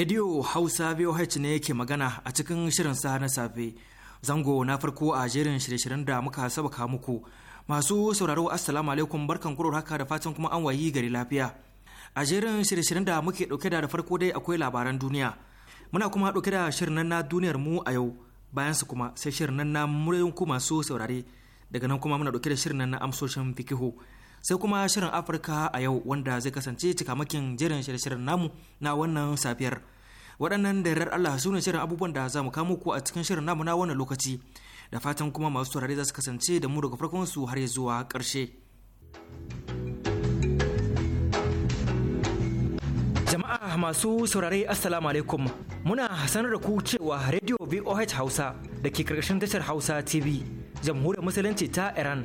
Radio Hausa VOH ne yake magana a cikin shirin sa na safe. Zango na farko a jerin shirye-shiryen da muka sabaka muku. Masu sauraro Assalamu alaikum barkan kuro haka da fatan kuma an wayi gari lafiya. A jerin shirye-shiryen da muke dauke da farko dai akwai labaran duniya. Muna kuma dauke da shirin na duniyar mu a yau. Bayan su kuma sai shirin na muryoyin ku masu saurare. Daga nan kuma muna dauke da shirin na amsoshin fikihu. sai kuma shirin afirka a yau wanda zai kasance cikamakin jerin shirye-shiryen namu na wannan safiyar waɗannan da yarar allah su ne shirin abubuwan da za mu kamo ku a cikin shirin namu na wannan lokaci da fatan kuma masu turare za su kasance da mu daga farkon su har zuwa ƙarshe jama'a masu saurare assalamu alaikum muna sanar da ku cewa radio voh hausa da ke karkashin tashar hausa tv jamhuriyar musulunci ta iran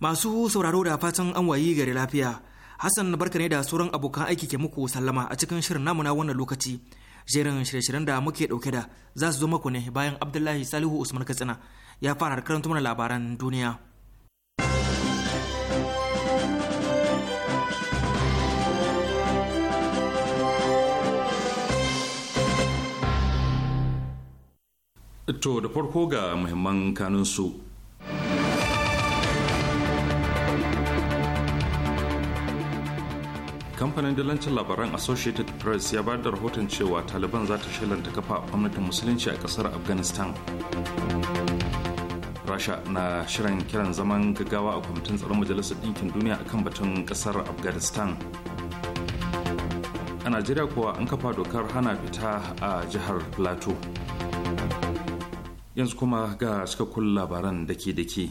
Masu sauraro da fatan an wayi gari lafiya. Hassan barka ne da sauran abokan aiki ke muku sallama a cikin shirin namu na wannan lokaci. Jerin shirye-shiryen da muke dauke da za su zo maku ne bayan Abdullahi Salihu Usman Katsina ya fara karanta mana labaran duniya. To da farko ga muhimman kanunsu kamfanin dillancin labaran associated press ya bayar da rahoton cewa taliban za ta ta kafa gwamnatin musulunci a kasar afghanistan rasha na shirin kiran zaman gaggawa a kwamitin tsaron majalisar ɗinkin duniya a kan batun kasar afghanistan a najeriya kuwa an kafa dokar hana fita a jihar plateau yanzu kuma ga cikakkun labaran dake-dake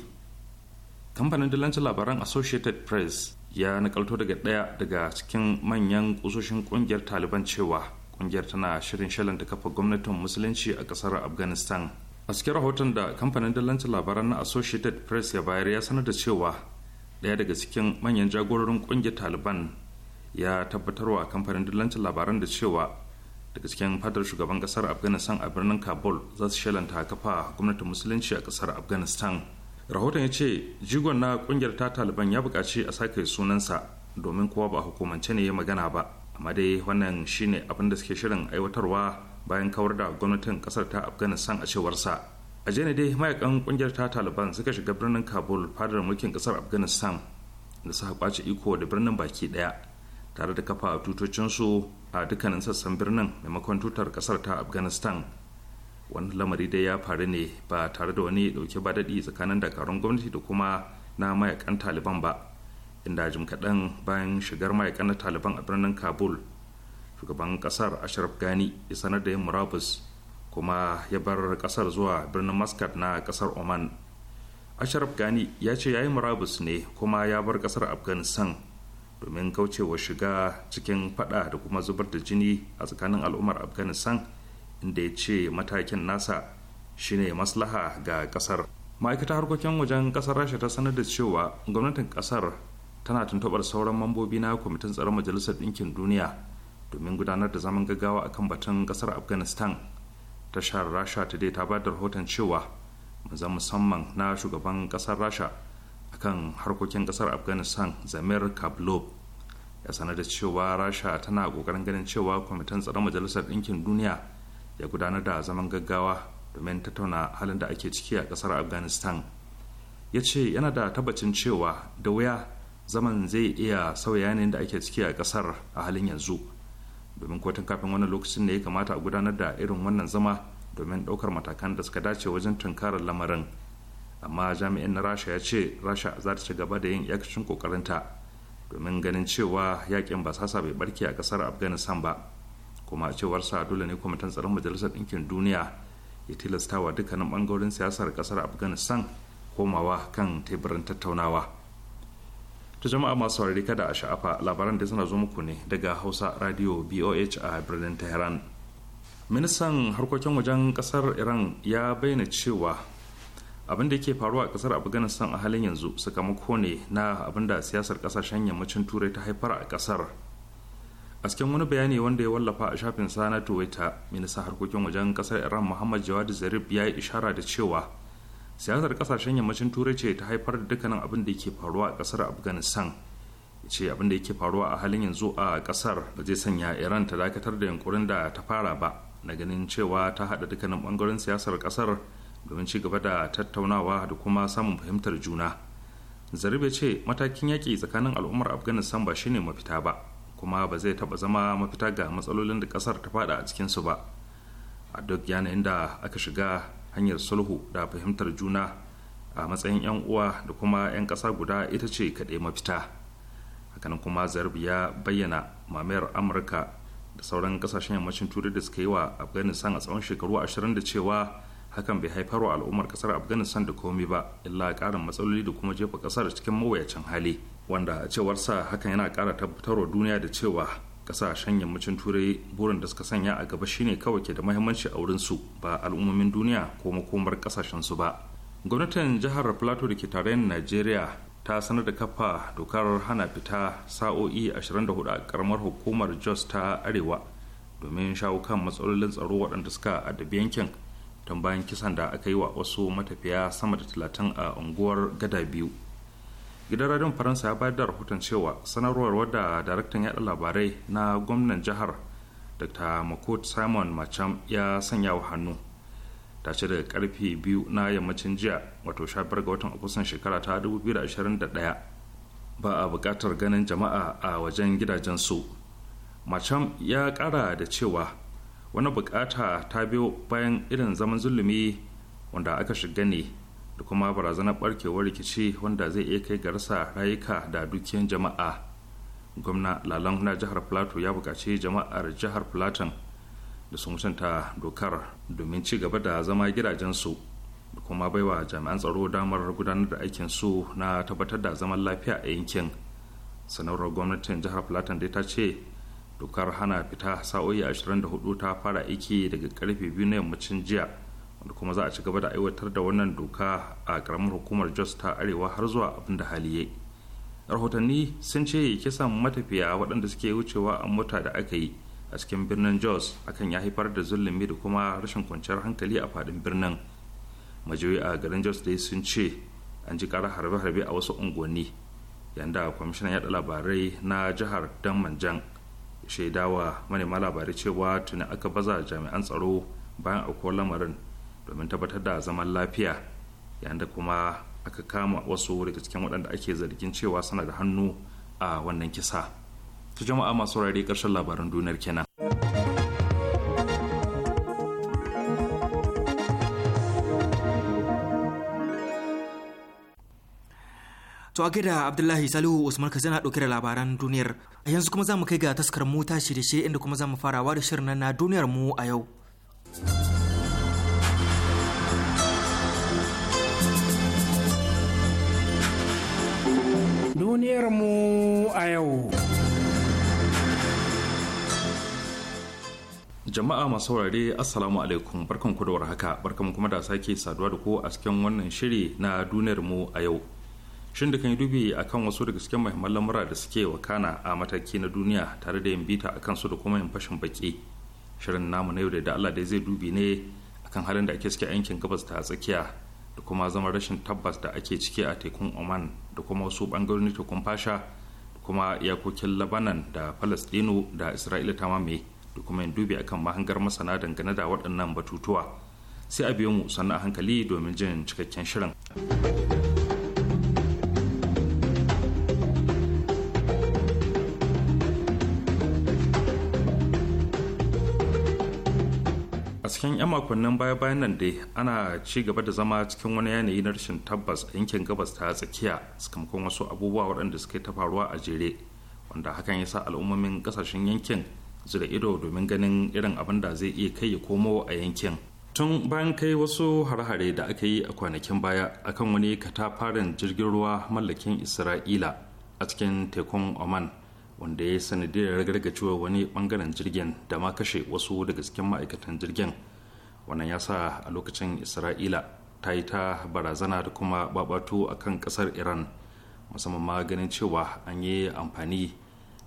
kamfanin dillancin labaran associated press ya nakalto daga ɗaya daga cikin manyan kusoshin ƙungiyar taliban cewa ƙungiyar tana shirin shalanta kafa gwamnatin musulunci a ƙasar afghanistan a cikin rahoton da kamfanin dillancin labaran na associated press ya bayar ya sanar da cewa ɗaya daga cikin manyan jagororin ƙungiyar taliban ya tabbatarwa kamfanin dillancin labaran da cewa daga cikin fadar shugaban ƙasar afghanistan a birnin kabul za su shalanta kafa gwamnatin musulunci a ƙasar afghanistan rahoton ya ce jigon na kungiyar ta taliban ya bukaci a sake sunansa domin kowa ba hukumance ne ya magana ba amma dai wannan shine abin da suke shirin aiwatarwa bayan kawar da gwamnatin kasar ta afghanistan a cewar sa a jene dai mayakan kungiyar ta taliban suka shiga birnin kabul fadar mulkin kasar afghanistan da suka kwace iko da birnin baki daya tare da kafa tutocinsu a dukkanin sassan birnin maimakon tutar kasar ta afghanistan wani lamari dai ya faru ne ba tare da wani dauke ba daɗi tsakanin dakarun gwamnati da kuma na mayakan taliban ba inda jim kaɗan bayan shigar mayakan na taliban a birnin kabul shugaban ƙasar ashraf gani ya sanar da yin murabus kuma ya bar kasar zuwa birnin muscat na ƙasar oman ashraf gani ya ce ya yi murabus ne kuma ya bar ƙasar afghanistan domin kaucewa shiga cikin fada da kuma zubar da jini a tsakanin al'ummar afghanistan inda ya ce matakin nasa shine maslaha ga kasar ma'aikatar harkokin wajen kasar rasha ta sanar da cewa gwamnatin kasar tana tuntubar sauran mambobi na kwamitin tsaron majalisar ɗinkin duniya domin gudanar da zaman gaggawa akan batun kasar afghanistan tashar rasha ta dai ta ba da rahoton cewa manzan musamman na shugaban kasar rasha akan harkokin kasar afghanistan zamir kablov ya sanar da cewa rasha tana kokarin ganin cewa kwamitin tsaron majalisar ɗinkin duniya ya gudanar da zaman gaggawa domin tattauna halin da ake ciki a kasar afghanistan ya ce yana da tabbacin cewa da wuya zaman zai iya sauya yanayin da ake ciki a kasar a halin yanzu domin kotun kafin wani lokacin ne ya kamata a gudanar da irin wannan zama domin ɗaukar matakan da suka dace wajen tunkarar lamarin amma jami'in na rasha ya ce rasha za ta ci gaba da yin yakacin kokarinta domin ganin cewa yakin basasa bai barke a kasar afghanistan ba kuma a cewar sa dole ne kwamitin tsaron majalisar ɗinkin duniya ya tilasta wa dukkanin ɓangarorin siyasar ƙasar afghanistan komawa kan teburin tattaunawa ta jama'a masu saurari kada a sha'afa labaran da suna zo muku ne daga hausa radio boh a birnin tehran ministan harkokin wajen kasar iran ya bayyana cewa abin da ke faruwa a kasar afghanistan a halin yanzu sakamako ne na abin da siyasar kasashen yammacin turai ta haifar a kasar a cikin wani bayani wanda ya wallafa a shafin sana na minista harkokin wajen kasar iran muhammad jawad zarif ya yi ishara da cewa siyasar kasashen yammacin turai ce ta haifar da dukkanin abin da ke faruwa a kasar afghanistan ce abin da yake faruwa a halin yanzu a kasar ba zai sanya iran ta dakatar da yankurin da ta fara ba na ganin cewa ta haɗa dukkanin bangaren siyasar kasar domin ci gaba da tattaunawa da kuma samun fahimtar juna zarif ya ce matakin yaƙi tsakanin al'ummar afghanistan ba shine mafita ba kuma ba zai taba zama mafita ga matsalolin da ƙasar ta fada a cikinsu ba a duk yanayin da aka shiga hanyar sulhu da fahimtar juna a matsayin 'yan uwa da kuma 'yan ƙasa guda ita ce kaɗai mafita hakan kuma zarbi ya bayyana mamayar amurka da sauran ƙasashen yammacin turai da suka yi wa afghanistan a tsawon shekaru ashirin da cewa hakan bai haifar wa al'ummar ƙasar afghanistan da komai ba illa ƙarin matsaloli da kuma jefa ƙasar cikin mawuyacin hali wanda a cewarsa hakan yana kara tabbatarwa duniya da cewa kasashen yammacin turai burin da suka sanya a gaba shine kawai ke da mahimmanci a wurin su ba al'ummomin duniya ko makomar kasashen su ba gwamnatin jihar plateau da ke tarayyar najeriya ta sanar da kafa dokar hana fita sa'o'i 24 a karamar hukumar jos ta arewa domin shawo kan matsalolin tsaro waɗanda suka addabi yankin don bayan kisan da aka yi wa wasu matafiya sama da 30 a unguwar gada biyu gidan radion faransa ya bayar da rahoton cewa sanarwar wadda daraktan yada labarai na gwamnan jihar dr makot simon macham ya sanya wa hannu ta ce daga karfe biyu na yammacin jiya wato 15 ga watan agustan shekara ta 2021 ba a buƙatar ganin jama'a a wajen gidajen su macham ya ƙara da cewa wani bukata ta biyo bayan irin zaman zulumi wanda aka shiga ne da kuma barazanar barkewar rikici wanda zai iya kai ga rasa rayuka da dukiyan jama'a gwamna lalan na jihar plateau ya buƙaci jama'ar jihar plateau da su mutunta dokar domin ci gaba da zama gidajensu da kuma baiwa jami'an tsaro damar gudanar da aikin su na tabbatar da zaman lafiya a yankin sanarwar gwamnatin jihar plateau dai ta ce dokar hana fita sa'o'i 24 ta fara aiki daga karfe biyu na yammacin jiya da kuma za a ci gaba da aiwatar da wannan doka a karamar hukumar jos ta arewa har zuwa abin da hali ya rahotanni sun ce kisan matafiya waɗanda suke wucewa a mota da aka yi a cikin birnin jos akan ya haifar da zulumi da kuma rashin kwanciyar hankali a faɗin birnin majiyoyi a garin jos dai sun ce an ji ƙara harbe-harbe a wasu unguwanni yanda kwamishinan yaɗa labarai na jihar damanjan shaidawa manema labarai cewa tuni aka baza jami'an tsaro bayan akwai lamarin domin tabbatar da zaman lafiya yayin da kuma aka kama wasu daga cikin waɗanda ake zargin cewa suna da hannu a wannan kisa ta jama'a masu rari ƙarshen labaran duniyar kenan To a da Abdullahi Salihu Usman kazi na ɗauke da labaran duniyar. A yanzu kuma za mu kai ga taskar mota shirye-shirye inda kuma za mu farawa da shirin na duniyar mu a yau. duniyarmu a yau. Jama'a masu saurare Assalamu alaikum barkan ku haka warhaka barkan kuma da sake saduwa da ku a cikin wannan shiri na duniyarmu a yau. Shin da kan yi dubi a kan wasu daga cikin muhimman lamura da suke wakana a mataki na duniya tare da yin bita akan su da kuma yin fashin baki. Shirin namu na yau da Allah dai zai dubi ne akan halin da ake suke yankin gabas ta tsakiya da kuma zama rashin tabbas da ake ciki a tekun Oman da kuma wasu bangarorin tekun fasha da kuma iyakokin labanan da palestino da isra'ila ta mamaye da kuma yin dubi akan mahangar masana dangane da waɗannan batutuwa sai a biyo mu sannan a hankali domin jin cikakken shirin. makonnin baya bayan nan dai ana ci gaba da zama cikin wani yanayi na rashin tabbas a yankin gabas ta tsakiya sakamakon wasu abubuwa waɗanda suka ta faruwa a jere wanda hakan ya sa al'ummomin ƙasashen yankin su da ido domin ganin irin abin da zai iya kai ya komo a yankin tun bayan kai wasu hare-hare da aka yi a kwanakin baya akan wani katafaren jirgin ruwa mallakin isra'ila a cikin tekun oman wanda ya sanadiyar ragargacewa wani bangaren jirgin da ma kashe wasu daga cikin ma'aikatan jirgin wannan ya sa a lokacin isra'ila ta yi ta barazana da kuma babatu a kan kasar iran musamman ma ganin cewa an yi amfani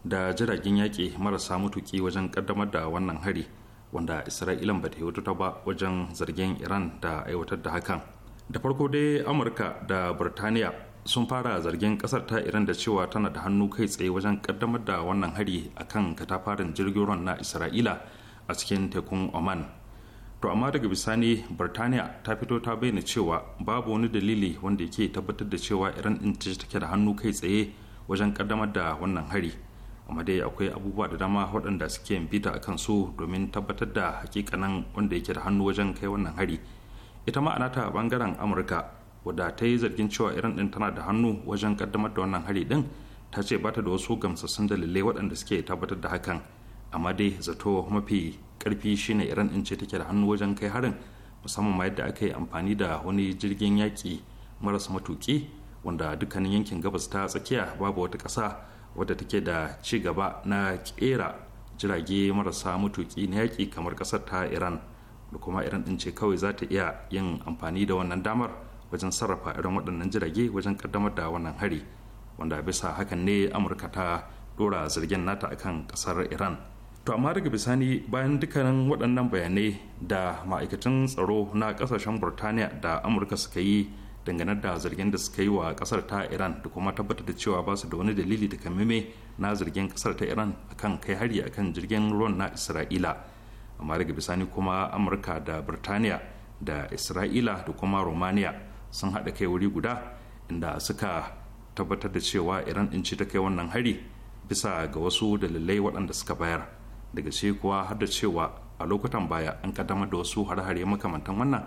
da jiragen yaƙi marasa mutuki wajen ƙaddamar da wannan hari wanda isra'ilan ba ta yi wata ba wajen zargin iran da aiwatar da hakan da farko dai amurka da burtaniya sun fara zargin kasar ta iran da cewa tana da hannu kai tsaye wajen ƙaddamar da wannan hari akan katafaren jirgin ruwan na isra'ila a cikin tekun oman to amma daga bisani birtaniya ta fito ta bayyana cewa babu wani dalili wanda yake tabbatar da cewa iran din ce take da hannu kai tsaye wajen kaddamar da wannan hari amma dai akwai abubuwa da dama waɗanda suke bita akan su domin tabbatar da hakikanin wanda yake da hannu wajen kai wannan hari ita ma ta bangaren amurka wadda ta yi zargin cewa iran din tana da hannu wajen kaddamar da wannan hari din ta ce bata da wasu gamsassun dalilai waɗanda suke tabbatar da hakan amma dai zato mafi karfi shine iran din ce take da hannu wajen kai harin musamman ma yadda aka yi amfani da wani jirgin yaƙi maras matuki wanda dukkanin yankin gabas ta tsakiya babu wata ƙasa wadda take da ci gaba na ƙera jirage marasa matuƙi na yaƙi kamar ƙasar ta iran da kuma iran din ce kawai za ta iya yin amfani da wannan damar wajen sarrafa irin waɗannan jirage wajen ƙaddamar da wannan hari wanda bisa hakan ne amurka ta dora zargin nata akan ƙasar iran to amma daga bisani bayan dukkanin waɗannan bayanai da ma'aikatan tsaro na ƙasashen burtaniya da amurka suka yi dangane da zargin da suka yi wa ƙasar ta iran da kuma tabbatar da cewa ba su da wani dalili da kamime na zargin ƙasar ta iran akan kai hari akan jirgin ruwan na isra'ila amma daga bisani kuma amurka da burtaniya da isra'ila da kuma romania sun haɗa kai wuri guda inda suka tabbatar da cewa iran ɗin ce ta kai wannan hari bisa ga wasu dalilai waɗanda suka bayar daga ce kuwa har da cewa a lokutan baya an kaddamar da wasu har hare makamantan wannan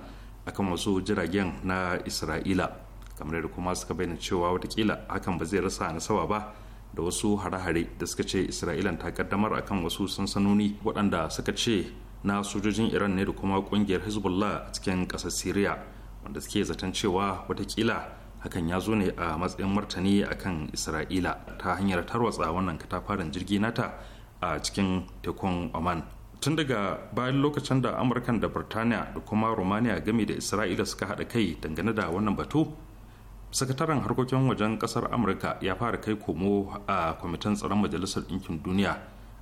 akan wasu jiragen na isra'ila kamar da kuma suka bayyana cewa watakila hakan ba zai rasa nasawa ba da wasu har hare da suka ce isra'ila ta kaddamar akan wasu sansanoni waɗanda suka ce na sojojin iran ne da kuma ƙungiyar hezbollah cikin ƙasar siriya wanda suke zaton cewa watakila hakan ya zo ne a matsayin martani akan isra'ila ta hanyar tarwatsa wannan katafarin jirgi nata a cikin tekun oman tun daga bayan lokacin da amurkan da birtaniya da kuma romania game da isra'ila suka hada kai dangane da wannan batu sakataren harkokin wajen kasar amurka ya fara kai komo a kwamitin tsaron majalisar ɗinkin duniya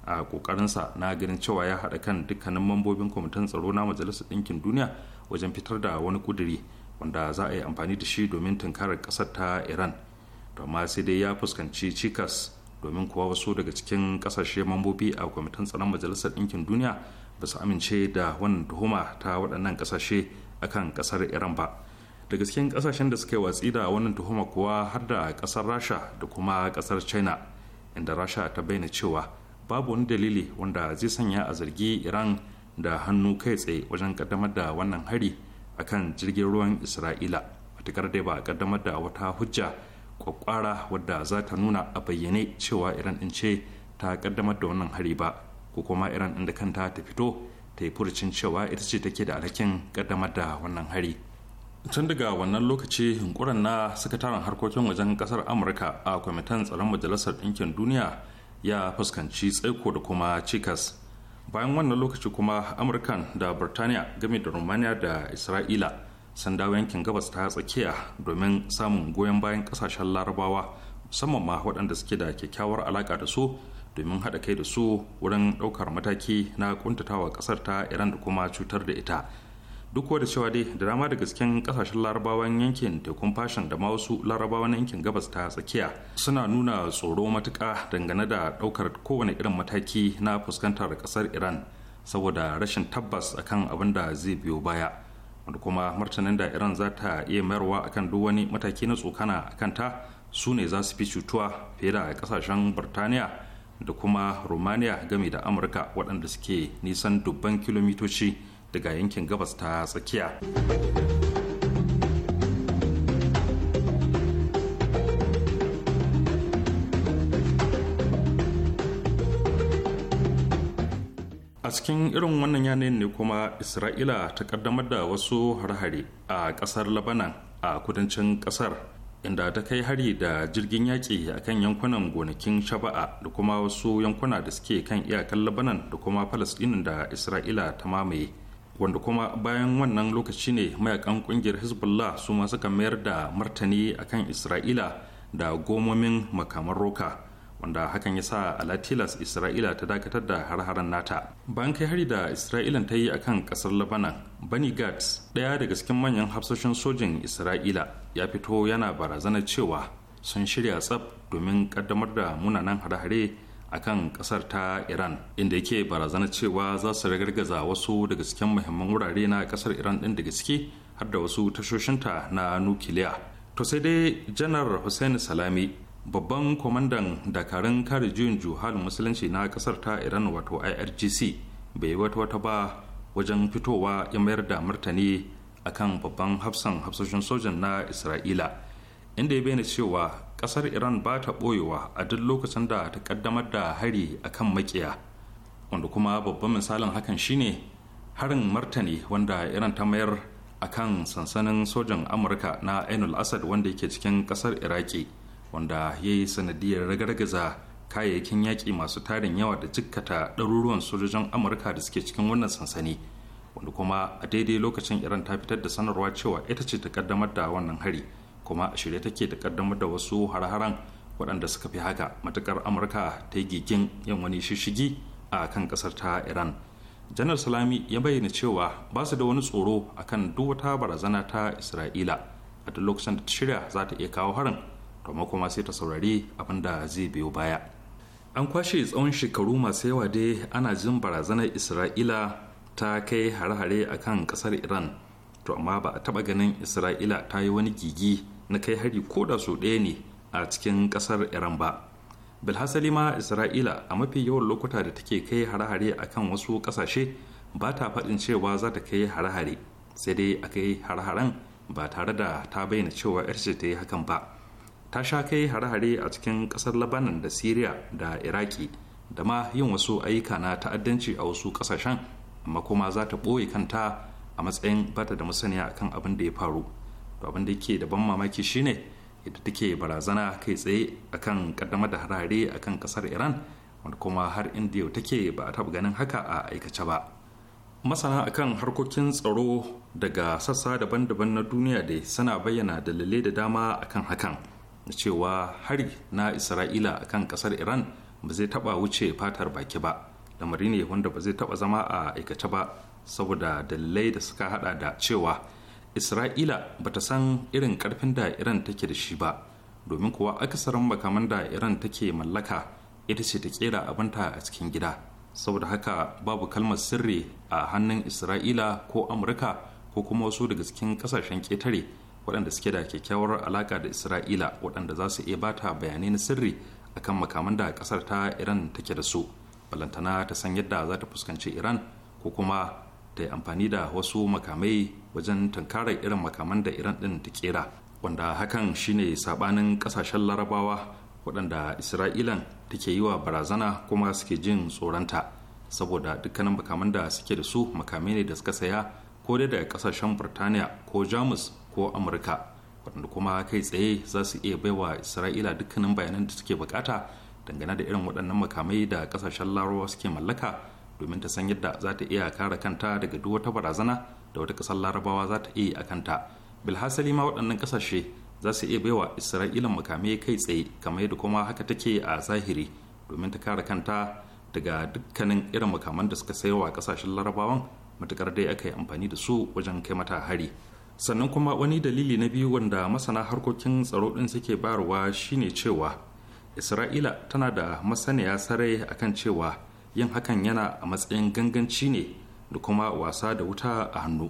a ƙoƙarinsa na ganin cewa ya haɗa kan dukkanin mambobin kwamitin tsaro na majalisar ɗinkin duniya wajen fitar da wani ƙuduri wanda za a yi amfani da shi domin tunkarar ƙasar ta iran amma sai dai ya fuskanci cikas domin kuwa wasu daga cikin kasashe mambobi a kwamitin tsaron majalisar ɗinkin duniya ba su amince da wannan tuhuma ta waɗannan kasashe akan ƙasar iran ba daga cikin kasashen da suka yi watsi da wannan tuhuma kuwa har da ƙasar rasha da kuma ƙasar china inda rasha ta bayyana cewa babu wani dalili wanda zai sanya a zargi iran da hannu kai tsaye wajen ƙaddamar da wannan hari akan jirgin ruwan isra'ila matukar dai ba ƙaddamar da wata hujja kwakwara wadda za ta nuna a bayyane cewa iran din ce ta kaddamar da wannan hari ba ko kuma iran din da kanta ta fito ta yi furucin cewa ita ce take da alhakin kaddamar da wannan hari tun daga wannan lokaci hunkuran na sakataren harkokin wajen kasar amurka a kwamitin tsaron majalisar ɗinkin duniya ya fuskanci tsaiko da kuma cikas bayan wannan lokaci kuma amurkan da birtaniya game da rumaniya da isra'ila sun dawo yankin gabas ta tsakiya domin samun goyon bayan kasashen larabawa musamman ma waɗanda suke da kyakkyawar alaƙa da su domin haɗa kai da su wurin ɗaukar mataki na ƙuntatawa ƙasar ta iran da kuma cutar da ita duk da cewa dai da dama da gasken kasashen larabawan yankin tekun fashin da ma wasu larabawan yankin gabas ta tsakiya suna nuna tsoro matuka dangane da ɗaukar kowane irin mataki na fuskantar ƙasar iran saboda rashin tabbas akan abin da zai biyo baya wanda kuma martanin da iran za ta iya mayarwa akan duk wani mataki na tsokana a kanta su ne za su fi cutuwa fiye da kasashen birtaniya da kuma romania game da amurka waɗanda suke nisan dubban kilomitoci daga yankin gabas ta tsakiya a cikin irin wannan yanayin ne kuma isra'ila ta kaddamar da wasu hare-hare a kasar labanan a kudancin kasar inda ta kai hari da jirgin yaƙi a kan yankunan gonakin shaba'a da kuma wasu yankuna da suke kan iyakan labanan da kuma falasɗinin da isra'ila ta mamaye wanda kuma bayan wannan lokaci ne mayakan ƙungiyar hezbollah su ma suka mayar da martani a kan isra'ila da gomomin makaman roka wanda hakan ya sa alatilas isra'ila ta dakatar da har-haren nata bayan kai hari da isra'ila ta yi akan kan kasar labanan bani gats ɗaya daga cikin manyan hafsoshin sojin isra'ila ya fito yana barazanar cewa sun shirya tsab domin kaddamar da munanan hare-hare a kan kasar ta iran inda yake barazanar cewa za su ragargaza wasu daga cikin muhimman wurare na kasar iran ɗin da gaske har da wasu tashoshinta na nukiliya to sai dai janar hussein salami babban kwamandan dakarun kare juyin juhal musulunci na kasar ta iran wato irgc bai wata wata ba wajen fitowa ya mayar da martani akan babban hafsan hafsashin sojan na isra'ila inda ya bayyana cewa kasar iran ba ta boyewa a duk lokacin da ta kaddamar da hari akan makiya wanda kuma babban misalin hakan shine harin martani wanda iran ta mayar akan sansanin sojan amurka na ainul asad wanda yake cikin kasar iraki wanda ya yi sanadiyar ragargaza kayayyakin yaƙi masu tarin yawa da jikkata ɗaruruwan sojojin amurka da suke cikin wannan sansani wanda kuma a daidai lokacin iran ta fitar da sanarwa cewa ita ce ta kaddamar da wannan hari kuma a shirye take ta kaddamar da wasu har-haren waɗanda suka fi haka matukar amurka ta yi gigin yin wani shishigi a kan ƙasar ta iran janar salami ya bayyana cewa ba su da wani tsoro akan duk wata barazana ta isra'ila a duk lokacin da ta shirya za ta iya kawo harin domin kuma sai ta saurari abin da zai biyo baya an kwashe tsawon shekaru masu yawa dai ana jin barazanar isra'ila ta kai hare-hare a kan kasar iran to amma ba a taba ganin isra'ila ta yi wani gigi na kai hari ko da su ɗaya ne a cikin kasar iran ba bilhassali ma isra'ila a mafi yawan lokuta da take kai hare-hare a kan wasu ƙasashe ba ta faɗin cewa za ta kai hare-hare sai dai a kai hare-haren ba tare da ta bayyana cewa yarce ta yi hakan ba ta sha kai hare-hare a cikin kasar labanan da syria da iraki da ma yin wasu ayyuka na ta'addanci a wasu kasashen amma kuma za ta ɓoye kanta a matsayin bata da masaniya kan abin da ya faru to abin da ke da ban mamaki shine ita take barazana kai tsaye akan kaddamar da hare-hare akan kasar iran wanda kuma har inda yau take ba a taɓa ganin haka a aikace ba masana akan harkokin tsaro daga sassa daban-daban na duniya da suna bayyana dalilai da dama akan hakan cewa hari na isra'ila a kan kasar iran ba zai taba wuce fatar baki ba lamari ne wanda ba zai taba zama a aikace ba saboda dalilai da suka hada da cewa isra'ila ba ta san irin karfin da iran take da shi ba domin kuwa akasarin makaman da iran take mallaka ita ce ta kera abinta a cikin gida saboda haka babu kalmar sirri a hannun isra'ila ko amurka ko kuma wasu daga cikin kasashen ketare waɗanda suke da kyakkyawar alaƙa da isra'ila waɗanda za su iya bata bayanai na sirri akan makaman da ƙasar ta iran take da su balantana ta san yadda za ta fuskanci iran ko kuma ta yi amfani da wasu makamai wajen tankarar irin makaman da iran ɗin ta kera wanda hakan shine sabanin ƙasashen larabawa waɗanda isra'ilan take yi wa barazana kuma suke jin tsoronta saboda dukkanin makaman da suke da su makamai ne da suka saya ko dai daga ƙasashen burtaniya ko jamus ko amurka waɗanda kuma kai tsaye za su iya baiwa isra'ila dukkanin bayanan da suke bukata dangane da irin waɗannan makamai da ƙasashen larabawa suke mallaka domin ta san yadda za ta iya kare kanta daga duk wata barazana da wata ƙasar larabawa za ta iya a kanta bilhassali ma waɗannan ƙasashe za su iya baiwa isra'ila makamai kai tsaye kamar yadda kuma haka take a zahiri domin ta kare kanta daga dukkanin irin makaman da suka sayarwa ƙasashen larabawan matuƙar dai aka yi amfani da su wajen kai mata hari. sannan kuma wani dalili na biyu wanda masana harkokin tsaro din suke bayarwa shine cewa isra'ila tana da masaniya sarai akan cewa yin hakan yana a matsayin ganganci ne da kuma wasa da wuta a hannu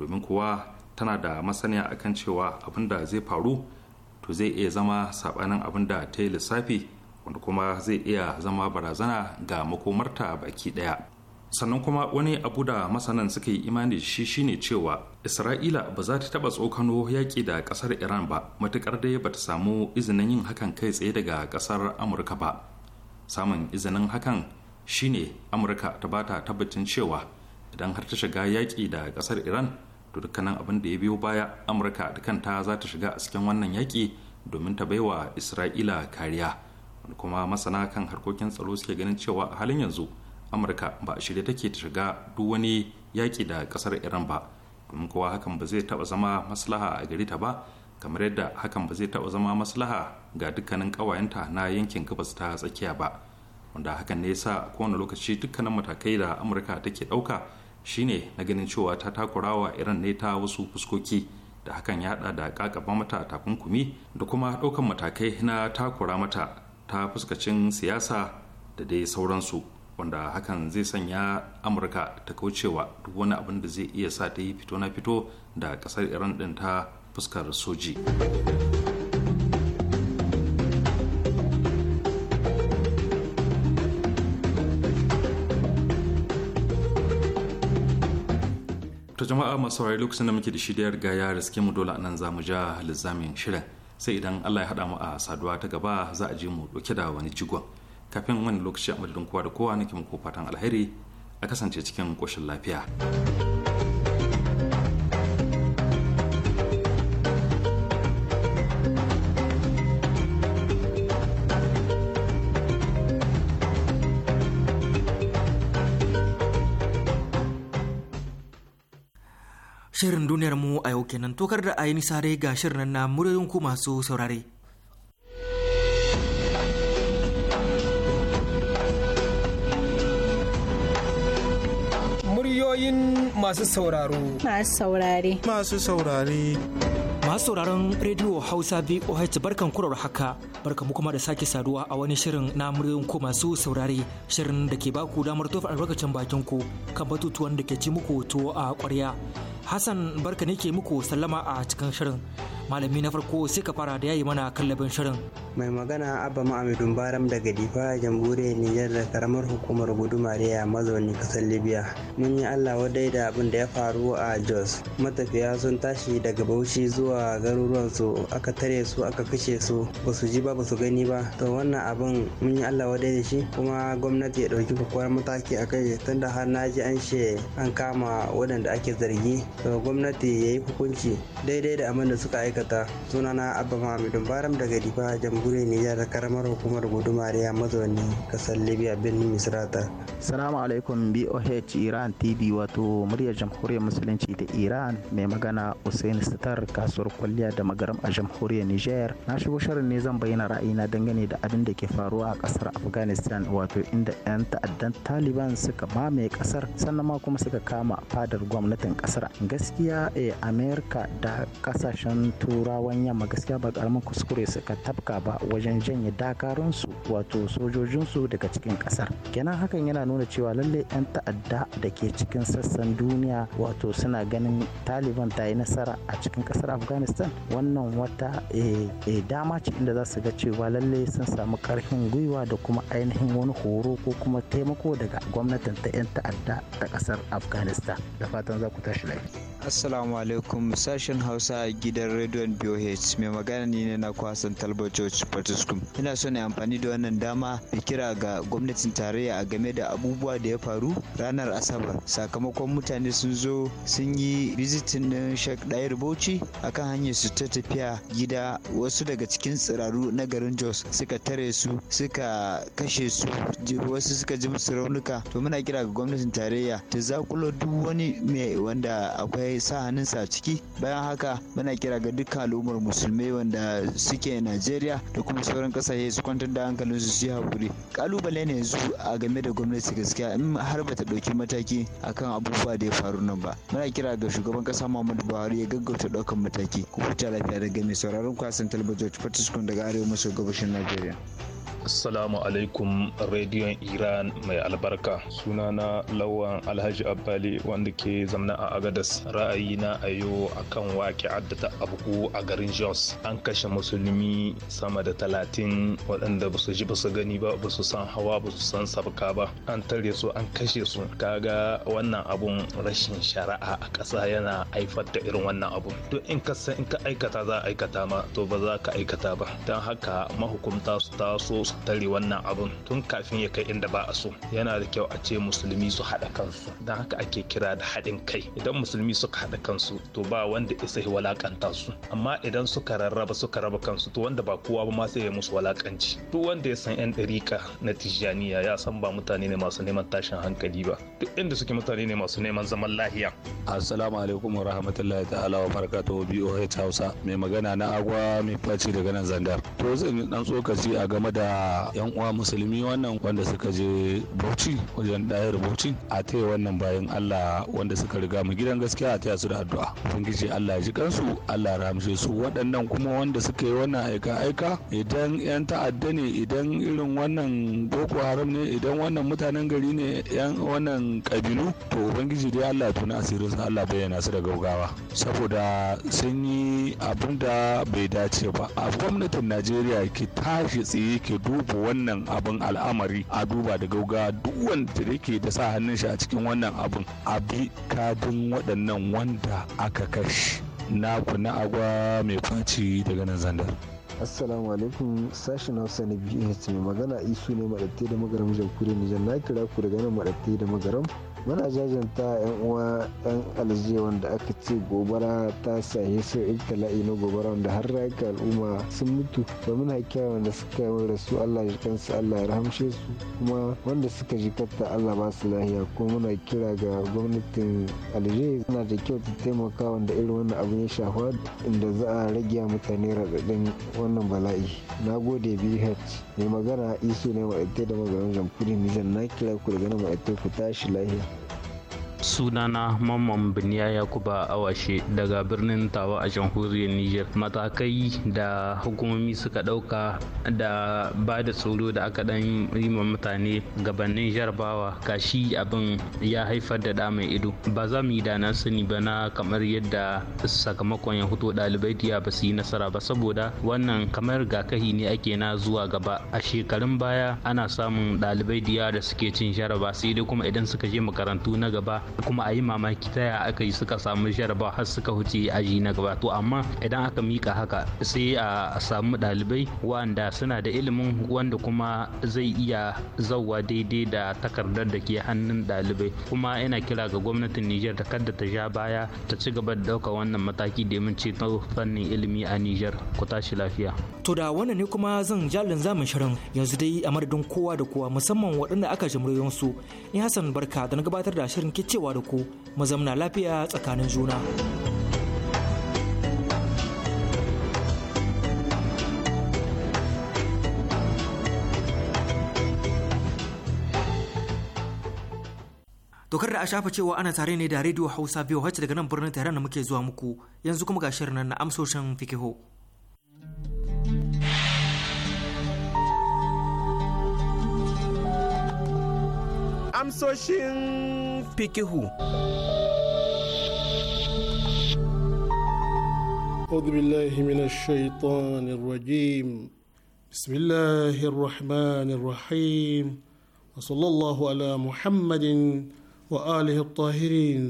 domin kuwa tana da masaniya akan cewa abin da zai faru to zai iya zama sabanin abin da ta yi lissafi wanda kuma zai iya zama barazana ga makomarta baki ɗaya sannan kuma wani abu da masanan suka yi imani shi shine cewa isra'ila ba za ta taba tsokano yaƙi da ƙasar iran ba matuƙar dai ba ta samu izinin yin hakan kai tsaye daga ƙasar amurka ba samun izinin hakan shine amurka ta bata tabbacin cewa idan har ta shiga yaƙi da ƙasar iran to dukkanin abin da ya biyo baya amurka da kanta za ta shiga a cikin wannan yaƙi domin ta baiwa isra'ila kariya kuma masana kan harkokin tsaro suke ganin cewa a halin yanzu amurka ba a shirye take ta shiga duk wani yaƙi da ƙasar iran ba domin kowa hakan ba zai taɓa zama maslaha a gare ta ba kamar yadda hakan ba zai taɓa zama maslaha ga dukkanin ƙawayenta na yankin gabas ta tsakiya ba wanda hakan ne yasa kowane lokaci dukkanin matakai da amurka take ɗauka shine na ganin cewa ta takura wa iran ne ta wasu fuskoki da hakan ya haɗa da ƙaƙaba mata takunkumi da kuma ɗaukan matakai na takura mata ta fuskacin siyasa da dai sauransu wanda hakan zai sanya amurka ta kaucewa duk wani abin da zai iya sa ta yi fito na fito da kasar iran din ta fuskar soji ta jama'a masu wari lokacin da muke da shi da yarga ya riske mu dole nan za mu ja lizamin shirin sai idan allah ya haɗa mu a saduwa ta gaba za a je mu ɗauke da wani jigon kafin wani lokaci a madadin kowa da kowa nake muku fatan alheri a kasance cikin ƙoshin lafiya. Shirin duniyar mu a yau kenan tokar da a yi nisa dai ga shirin na muryoyin masu saurare. Ra'ayoyin masu sauraro. Masu saurare. Masu saurare. Masu sauraron Radio Hausa VOH barkan kurar haka barka mu kuma da sake saduwa a wani shirin na muryoyin ku masu saurare shirin da ke baku damar tofa albarkacin bakin ku kan batutuwan da ke ci muku to a kwarya Hassan barka ne ke muku sallama a cikin shirin. malami na farko sai ka fara da yayi mana kallabin shirin. Mai magana Abba Ma'amidun Baram daga Difa jamhuriyar Nijar da karamar hukumar Gudumariya mazauni kasar Libya. Mun yi Allah wadai da abin da ya faru a Jos. Matafiya sun tashi daga Bauchi zuwa zuwa garuruwan su aka tare su aka kashe su ba su ji ba ba su gani ba to wannan abin mun yi Allah wadai da shi kuma gwamnati ya ɗauki kwakwar mataki a kai tunda har na ji an ce an kama waɗanda ake zargi to gwamnati ya yi hukunci daidai da abin da suka aikata sunana abba mahamudu baram daga difa jamhuriyar nijar karamar hukumar gudumariya mazauni kasar libya birnin misrata salamu alaikum boh iran tv wato muryar jamhuriyar musulunci da iran mai magana usain sitar kasuwar kasuwar kwalliya da magaram a jamhuriyar Nijar. Na shigo shirin ne zan bayyana ra'ayina dangane da abin da ke faruwa a kasar Afghanistan wato inda 'yan ta'addan Taliban suka mamaye kasar sannan ma kuma suka kama fadar gwamnatin kasar. Gaskiya a eh, Amerika da kasashen turawan yamma gaskiya ba karamin kuskure suka tafka ba wajen janye dakarunsu wato sojojinsu daga cikin kasar. Kenan hakan yana nuna cewa lallai 'yan ta'adda da ke cikin sassan duniya wato suna ganin Taliban ta yi nasara a cikin kasar Afghanistan afghanistan wannan wata eh, eh, dama ce inda za su ga cewa lallai sun samu karfin gwiwa da kuma ainihin wani horo ko kuma taimako daga gwamnatin ta 'yan ta'adda ta kasar afghanistan da fatan za ku tashi lafiya assalamu alaikum sashen hausa a gidan rediyon boh mai magana ne na kwasan talba george patiskum ina so ne amfani da wannan dama da kira ga gwamnatin tarayya a game da abubuwa da ya faru ranar asabar sakamakon mutane sun zo sun yi bizitin din shek dair bauchi a kan hanyar su ta tafiya gida wasu daga cikin tsiraru na garin Jos suka tare su suka kashe su wasu suka ji musu raunuka to muna kira ga gwamnatin tarayya ta zakulo duk wani mai wanda akwai sa hannunsa ciki bayan haka muna kira ga dukkan al'ummar musulmai wanda suke Najeriya da kuma sauran kasashe su kwantar da hankalin su su yi hakuri kalubale ne yanzu a game da gwamnati gaskiya in har bata dauki mataki akan abubuwa da ya faru nan ba muna kira ga shugaban kasa Muhammadu Buhari ya gaggauta daukan mataki sarki ku huta lafiya da gami sauraron kwasan talabijin fatiskun daga arewa maso gabashin najeriya Assalamu alaikum rediyon Iran mai albarka. Suna na Lawan Alhaji Abbali wanda ke zamna a Agadas. Ra'ayina a yau akan wake ta abu a garin Jos. An kashe musulmi sama da talatin waɗanda ba su ji ba su gani ba ba su san hawa ba su san sabka ba. An tare su an kashe su. Kaga wannan abun rashin shari'a a ƙasa yana haifar da irin wannan abun. To in ka san in ka aikata za a aikata ma to ba za ka aikata ba. Don haka mahukumta su taso su tare wannan abun tun kafin ya kai inda ba a so yana da kyau a ce musulmi su haɗa kansu don haka ake kira da haɗin kai idan musulmi suka haɗa kansu to ba wanda isa ya walakanta su amma idan suka rarraba suka raba kansu to wanda ba kowa ba ma sai ya musu walakanci duk wanda ya san yan ɗarika na tijjaniya ya san ba mutane ne masu neman tashin hankali ba duk inda suke mutane ne masu neman zaman lahiya assalamu alaikum wa rahmatullahi ta'ala wa barakatuhu BOH Hausa mai magana na agwa mai faci daga nan zandar to zan dan tsokaci a game da yan uwa musulmi wannan wanda suka je bauchi wajen dayar bauchi a taya wannan bayan allah wanda suka riga mu gidan gaskiya a taya su da addu'a ubangiji allah ya ji kansu allah ramshe su waɗannan kuma wanda suka yi wannan aika aika idan yan ta'adda ne idan irin wannan boko haram ne idan wannan mutanen gari ne yan wannan kabilu to ubangiji dai allah ya tuna asirin su allah bayyana su da gaugawa saboda sun yi abin da bai dace ba a gwamnatin najeriya ki tashi tsaye ki duba wannan abin al'amari a duba da gauga duk wanda yake da sa hannun shi a cikin wannan abin a bi kadin waɗannan wanda aka kashe ku na agwa mai faci daga nan zandar. assalamu alaikum sashen hausa na bh mai magana isu ne maɗabtai da magaram jamhuriyar nijar na kira ku daga nan maɗabtai da magaram muna jajanta yan uwa yan aljiya wanda aka ce gobara ta sahi sai ibtila'i na gobara wanda har rayuka al'umma sun mutu da muna kira wanda suka yi su Allah ya kansu Allah ya rahamshe su kuma wanda suka jikatta Allah ba su lahiya kuma muna kira ga gwamnatin aljiya suna da kyau ta taimaka wanda irin wannan abu ya shafa inda za a rage mutane raɗaɗin wannan bala'i na gode bh mai magana iso ne ma'aikatai da magaran jamhuriyar nijar na kira ku daga nan ma'aikatai ku tashi lahiya sunana mamman biniya yakuba awashe daga birnin tawa a jamhuriyar niger matakai da hukumomi suka ɗauka da ba da tsoro da aka ɗan yi ma mutane gabanin jarabawa kashi abin ya haifar da da ido ba za mu yi da na sani ba na kamar yadda sakamakon ya fito ɗalibai diya ba su yi nasara ba saboda wannan kamar rigakahi ne ake na zuwa gaba a shekarun baya ana samun ɗalibai diya da suke cin jaraba sai dai kuma idan suka je makarantu na gaba kuma a yi mamaki ta aka yi suka samu jaraba har suka huce aji na gaba to amma idan aka mika haka sai a samu ɗalibai wanda suna da ilimin wanda kuma zai iya zauwa daidai da takardar da ke hannun ɗalibai kuma ina kira ga gwamnatin Nijar da kada ta ja baya ta ci gaba da ɗaukar wannan mataki domin ceto fannin ilimi a Nijar ku tashi lafiya. To da wannan ne kuma zan jalin zamin shirin yanzu dai a madadin kowa da kowa musamman waɗanda aka jimriyon su. Ni Hassan Barka da na gabatar da shirin ce cewa da ku mu zamna lafiya tsakanin juna. Dokar da a shafa cewa ana tare ne da Radio Hausa biyu wacce daga nan birnin Tehran da muke zuwa muku yanzu kuma ga shirin nan na amsoshin fikiho. Amsoshin pekee huu. Audhu billahi minash shaitani rajim. Bismillahi rahmanir rahim. Wa sallallahu ala Muhammadin wa alihi at-tahirin.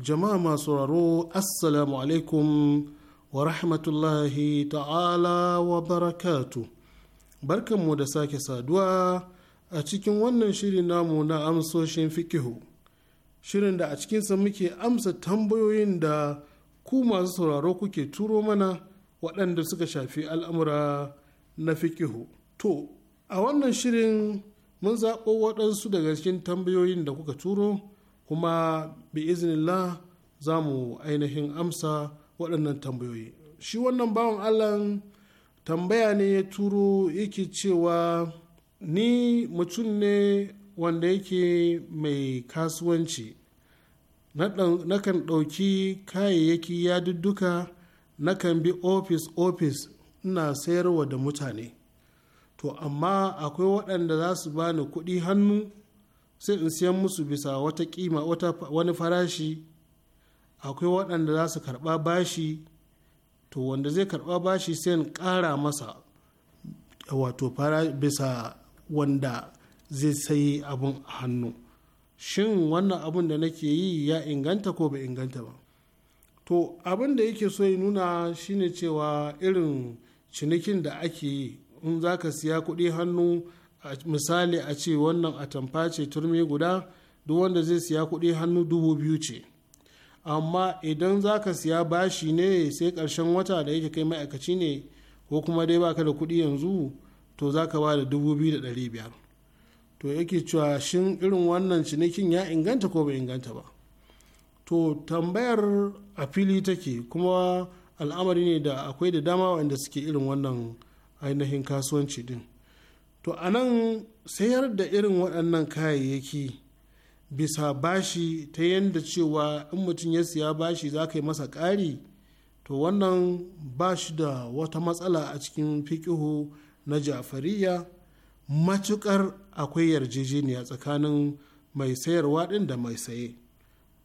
Jamaa masuraru, assalamu alaikum wa rahmatullahi ta'ala wa barakatuh. Barkan mu da sake saduwa a cikin wannan shiri namu na amsoshin fikihu. shirin da a cikinsa muke amsa tambayoyin da ku masu sauraro kuke turo mana waɗanda suka shafi al'amura na fikihu. To, a wannan shirin mun zaɓo waɗansu daga cikin tambayoyin da kuka turo kuma bi iznillah za mu ainihin amsa waɗannan tambayoyi. Shi wannan bawan Allah tambaya ne ya turo yake cewa ni mutum ne wanda yake mai kasuwanci na kan ɗauki kayayyaki ya dudduka kan bi ofis-ofis ina sayarwa da mutane to amma akwai waɗanda za su bani kuɗi hannu sai in siyan musu bisa wata kima wani farashi akwai waɗanda za su karɓa bashi to wanda zai karɓa bashi sai in ƙara masa wato bisa wanda zai sayi abun a hannu shin wannan abun da nake yi ya inganta ko bai inganta ba to abin da yake so ya nuna shine cewa irin cinikin da ake yi in za ka siya kuɗi hannu misali a ce wannan atamfa ce turmi guda duk wanda zai siya kuɗi hannu dubu biyu ce amma idan za ka siya bashi ne sai ƙarshen wata da yake kai ma'aikaci ne ko kuma dai baka da kuɗi yanzu to za ka ba da dubu biyu da ɗari biyar to yake cewa shin irin wannan cinikin ya inganta ko bai inganta ba to tambayar a fili take kuma al'amari ne da akwai da dama wanda suke irin wannan ainihin kasuwanci din to a nan sayar da irin waɗannan kayayyaki bisa bashi ta yadda cewa in mutum ya siya bashi za ka yi masa ƙari to wannan ba shi da wata matsala a cikin fikihu na jafariya matukar akwai yarjejeniya tsakanin mai sayarwa din da mai saye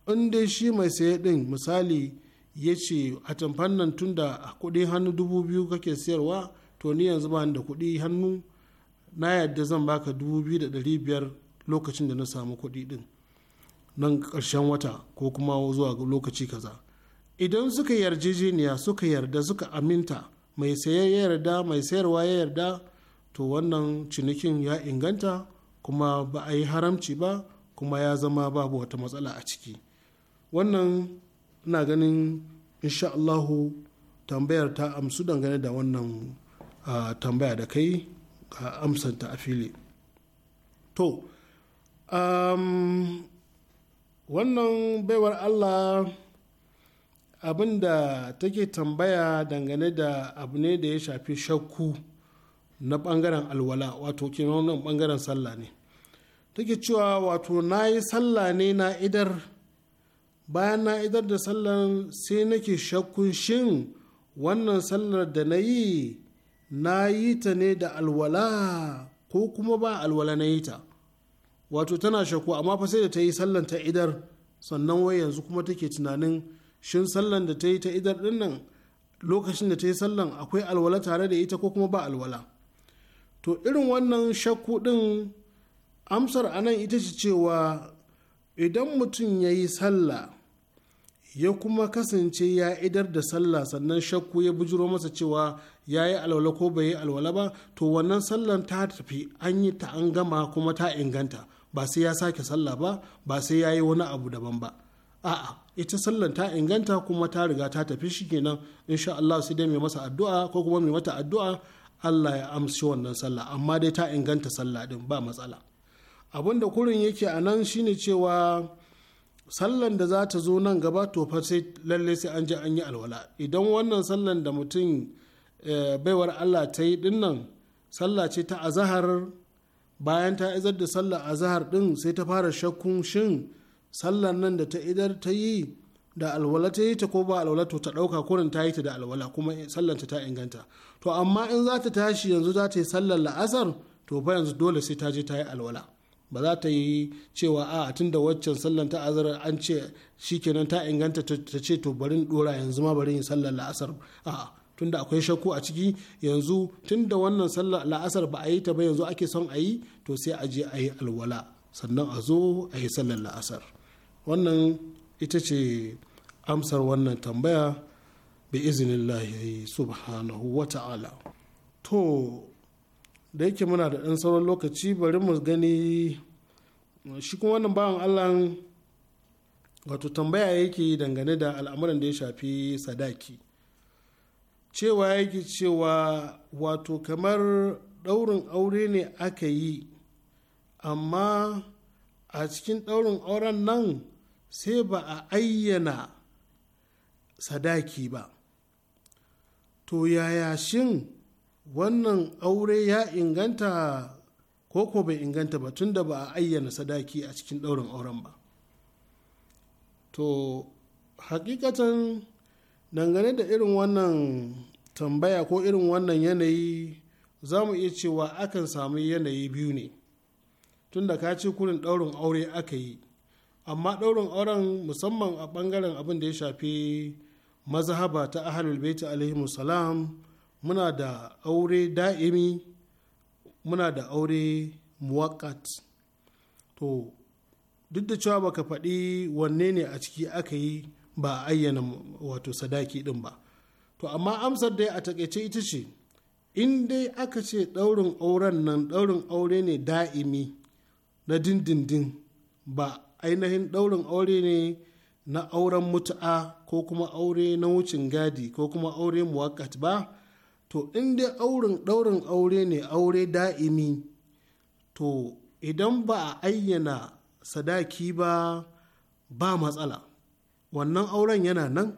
in dai shi mai saye din misali ya ce a tamfan tun da kuɗi hannu dubu biyu kake sayarwa to ni yanzu ba da kuɗi hannu na yadda zan baka dubu biyu da ɗari biyar lokacin da na samu kuɗi din nan ƙarshen wata ko kuma zuwa lokaci kaza idan suka yarjejeniya suka yarda suka aminta mai saye ya yarda mai sayarwa ya yarda to wannan cinikin ya inganta kuma ba a yi haramci ba kuma ya zama babu wata matsala a ciki wannan na ganin insha Allahu tambayar ta amsu dangane da wannan tambaya da kai ka amsanta a fili to wannan baiwar Allah abin da take tambaya dangane da abu ne da ya shafi shakku na bangaren alwala wato kenan nan bangaren sallah ne take cewa wato na yi sallah ne na idar bayan na idar da sallar sai nake shakkun shin wannan sallar da na yi na yi ta ne da alwala ko kuma ba alwala na yi ta wato tana shakku amma fa sai da ta yi sallar ta idar sannan wai yanzu kuma take tunanin shin sallar da ta yi ta idar dinnan lokacin da ta yi sallar akwai alwala tare da ita ko kuma ba alwala to irin wannan shakku ɗin amsar anan ita ce cewa idan mutum ya yi sallah ya kuma kasance ya idar da sallah sannan shakku ya bujiro masa cewa ya yi alwala ko bai yi alwala ba to wannan sallan ta tafi an yi ta an gama kuma ta inganta ba sai ya sake sallah ba ba sai ya yi wani abu daban ba a'a ita sallan ta inganta kuma ta riga ta tafi kenan insha Allah sai dai mai masa addu'a ko kuma mai mata addu'a Allah ya amshi wannan sallah amma dai ta inganta sallah din ba matsala abin da kurin yake a nan shine cewa sallan da za ta zo nan gaba to fa sai lalle sai an ji an yi alwala idan wannan sallan da mutum eh, baiwar Allah ta yi dinnan sallah ce ta azahar bayan ta izar da sallah azahar din sai ta fara shakkun shin sallan nan da ta idar ta yi da alwala ta yi ta ko ba alwala to ta dauka kurin ta yi ta da alwala kuma sallan ta inganta to amma in za ta tashi yanzu za ta yi sallar la'asar to fa yanzu dole sai ta je ta yi alwala ba za ta yi cewa a tun da waccan sallar ta azar an ce shikenan ta inganta ta ce to barin dora yanzu ma barin sallar la'asar a tunda akwai shakku a ciki yanzu tunda wannan sallar la'asar ba a yi ta ba yanzu ake son a yi to sai a je a yi alwala sannan a zo a yi sallar la'asar wannan ita ce amsar wannan tambaya bi izinillahi subhanahu wa ta'ala to da yake muna da ɗan sauran lokaci bari mu gani shi kuma wannan bawan allah wato tambaya yake dangane da al'amuran da ya shafi sadaki cewa yake cewa wato kamar ɗaurin aure ne aka yi amma a cikin ɗaurin auren nan sai ba a ayyana sadaki ba to yaya shin wannan aure ya inganta ko ko bai inganta ba tunda ba a ayyana sadaki a cikin ɗaurin auren ba to hakikatan dangane da irin wannan tambaya ko irin wannan yanayi za mu iya cewa akan samu yanayi biyu ne tunda ka ce kurin ɗaurin aure aka yi amma ɗaurin auren musamman a ɓangaren abin da ya shafi mazahaba ta ahalul baiti alaihi salam muna da aure da'imi muna da aure muwakkat to duk da cewa baka faɗi wanne ne a ciki aka yi ba a ayyana wato sadaki din ba to amma amsar dai a takaice ita ce in dai aka ce ɗaurin auren nan ɗaurin aure ne da'imi na dindindin ba ainihin ɗaurin aure ne na auren mutu'a ko kuma aure na wucin gadi ko kuma aure muwakkat ba to in dai auren ɗaurin aure ne aure da'imi to idan ba a ayyana sadaki ba ba matsala wannan auren yana nan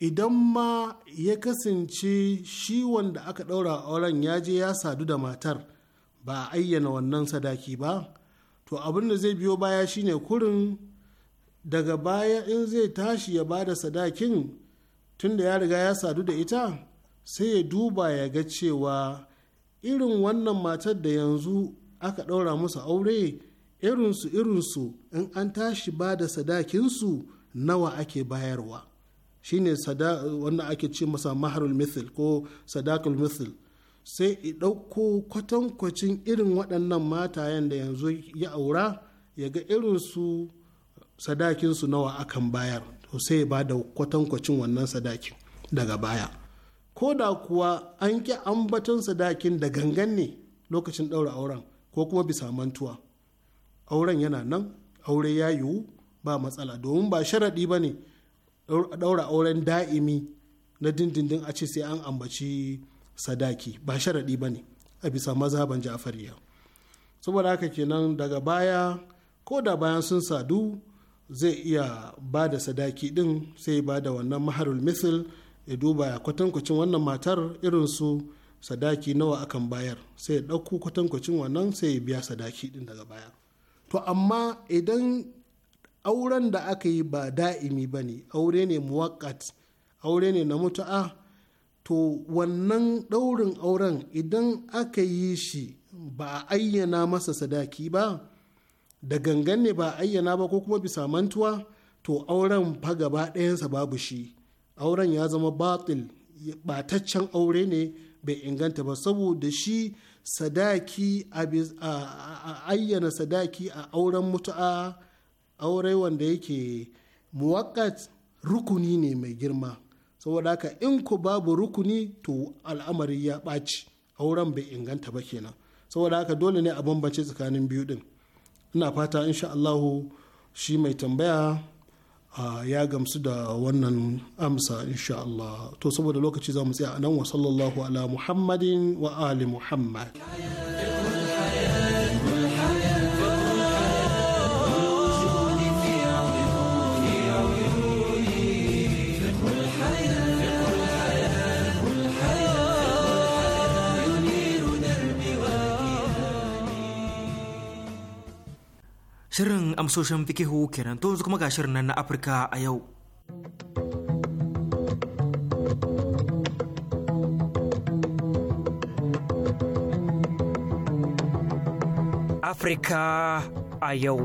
idan ma ya kasance shi wanda aka ɗaura auren ya je ya sadu da matar ba a ayyana wannan sadaki ba to abin da zai biyo baya shine kurin daga baya in zai tashi ya ba da sadakin tunda ya riga ya sadu da ita sai ya duba ya ga cewa irin wannan matar da yanzu aka ɗaura musu aure irinsu irinsu in an tashi ba da sadakinsu nawa ake bayarwa shine wannan ake ce masa maharul mithil ko sadakul mithil sai i ɗauko kwatankwacin irin waɗannan matayen da yanzu ya aura ya ga irinsu sadakinsu nawa akan bayar to sai ba da kwatankwacin wannan sadakin daga baya ko da kuwa an ki ambaton sadakin da gangan ne lokacin ɗaura auren ko kuma bisa mantuwa auren yana nan aure ya yiwu ba matsala domin ba sharaɗi ba ne ɗaura auren da'imi na dindindin a ce sai an ambaci sadaki ba sharaɗi ba ne a bisa mazhaban ja'fariya saboda haka kenan daga baya ko da bayan sun sadu zai iya ba da sadaki din sai ba da wannan maharul misil ya duba ya kwatankwacin wannan matar irin su sadaki nawa akan bayar sai ya ɗauko kwatankwacin wannan sai ya biya sadaki din daga baya to amma idan auren da aka yi ba da'imi ba ne aure ne muwakkat aure ne na mutu'a to wannan ɗaurin auren idan aka yi shi ba a ayyana masa sadaki ba da gangan ne ba ayyana ba ko kuma bisa mantuwa to auren fa gaba ɗayansa babu shi auren ya zama batil bataccen aure ne bai inganta ba saboda shi sadaki a ayyana sadaki a auren mutu'a aure wanda yake muwakkat rukuni ne mai girma saboda haka in ku babu rukuni to al'amari ya ɓaci auren bai inganta ba kenan saboda haka dole ne a bambance tsakanin biyu din ina fata insha Allahu shi mai tambaya ya gamsu da wannan amsa insha Allah to saboda lokaci za mu tsaya nan wa sallallahu ala muhammadin wa ali muhammad amsoshin Vicky fikihu kenan to kuma ga shirin nan na Afirka a yau. Afirka a yau.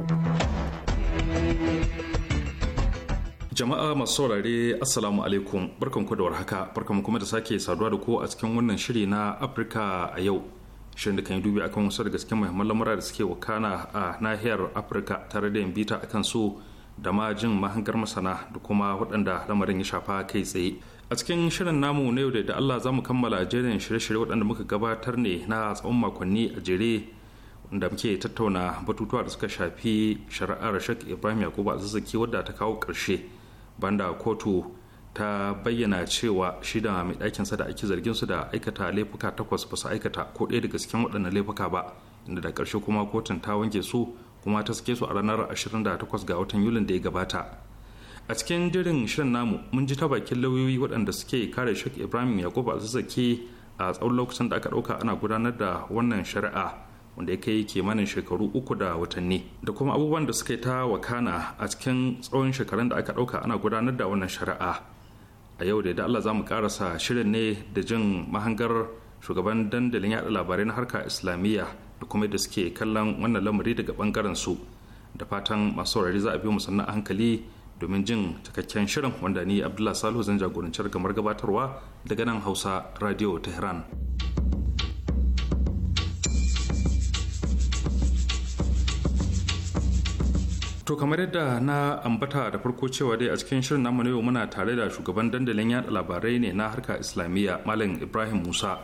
Jama'a masu saurare Assalamu alaikum barkanku da warhaka barkanku kuma da sake saduwa da ku a cikin wannan shiri na Afirka a yau. shirin da kan yi dubi akan wasu daga cikin muhimman lamura da suke wakana a nahiyar afirka tare da yin bita akan su da ma jin mahangar masana da kuma waɗanda lamarin ya shafa kai tsaye a cikin shirin namu na yau da allah za mu kammala jerin shirye-shirye waɗanda muka gabatar ne na tsawon makonni a jere da muke tattauna batutuwa da suka shafi shari'ar shek ibrahim yakubu zazzaki wadda ta kawo ƙarshe banda kotu ta bayyana cewa shi da mai sa da ake zargin su da aikata laifuka takwas ba su aikata ko ɗaya daga cikin waɗannan laifuka ba inda da ƙarshe kuma kotun ta wanke su kuma ta sake su a ranar 28 ga watan yulin da ya gabata a cikin jirin shirin namu mun ji ta bakin lauyoyi waɗanda suke kare shek ibrahim yakubu azizaki a tsawon lokacin da aka ɗauka ana gudanar da wannan shari'a wanda ya kai kimanin shekaru uku da watanni da kuma abubuwan da suka ta wakana a cikin tsawon shekarun da aka ɗauka ana gudanar da wannan shari'a a yau da Allah za mu karasa shirin ne da jin mahangar shugaban dandalin yada labarai na harka islamiyya da kuma da suke kallon wannan lamari daga bangaren su da fatan masu saurari za a bi mu a hankali domin jin cikakken shirin wanda ni abdullahi salihu zan jagoranci gamar gabatarwa daga nan hausa radio tehran To kamar yadda na ambata da farko cewa dai a cikin shirin namu na muna tare da shugaban dandalin yada labarai ne na harka islamiyya Malam Ibrahim Musa.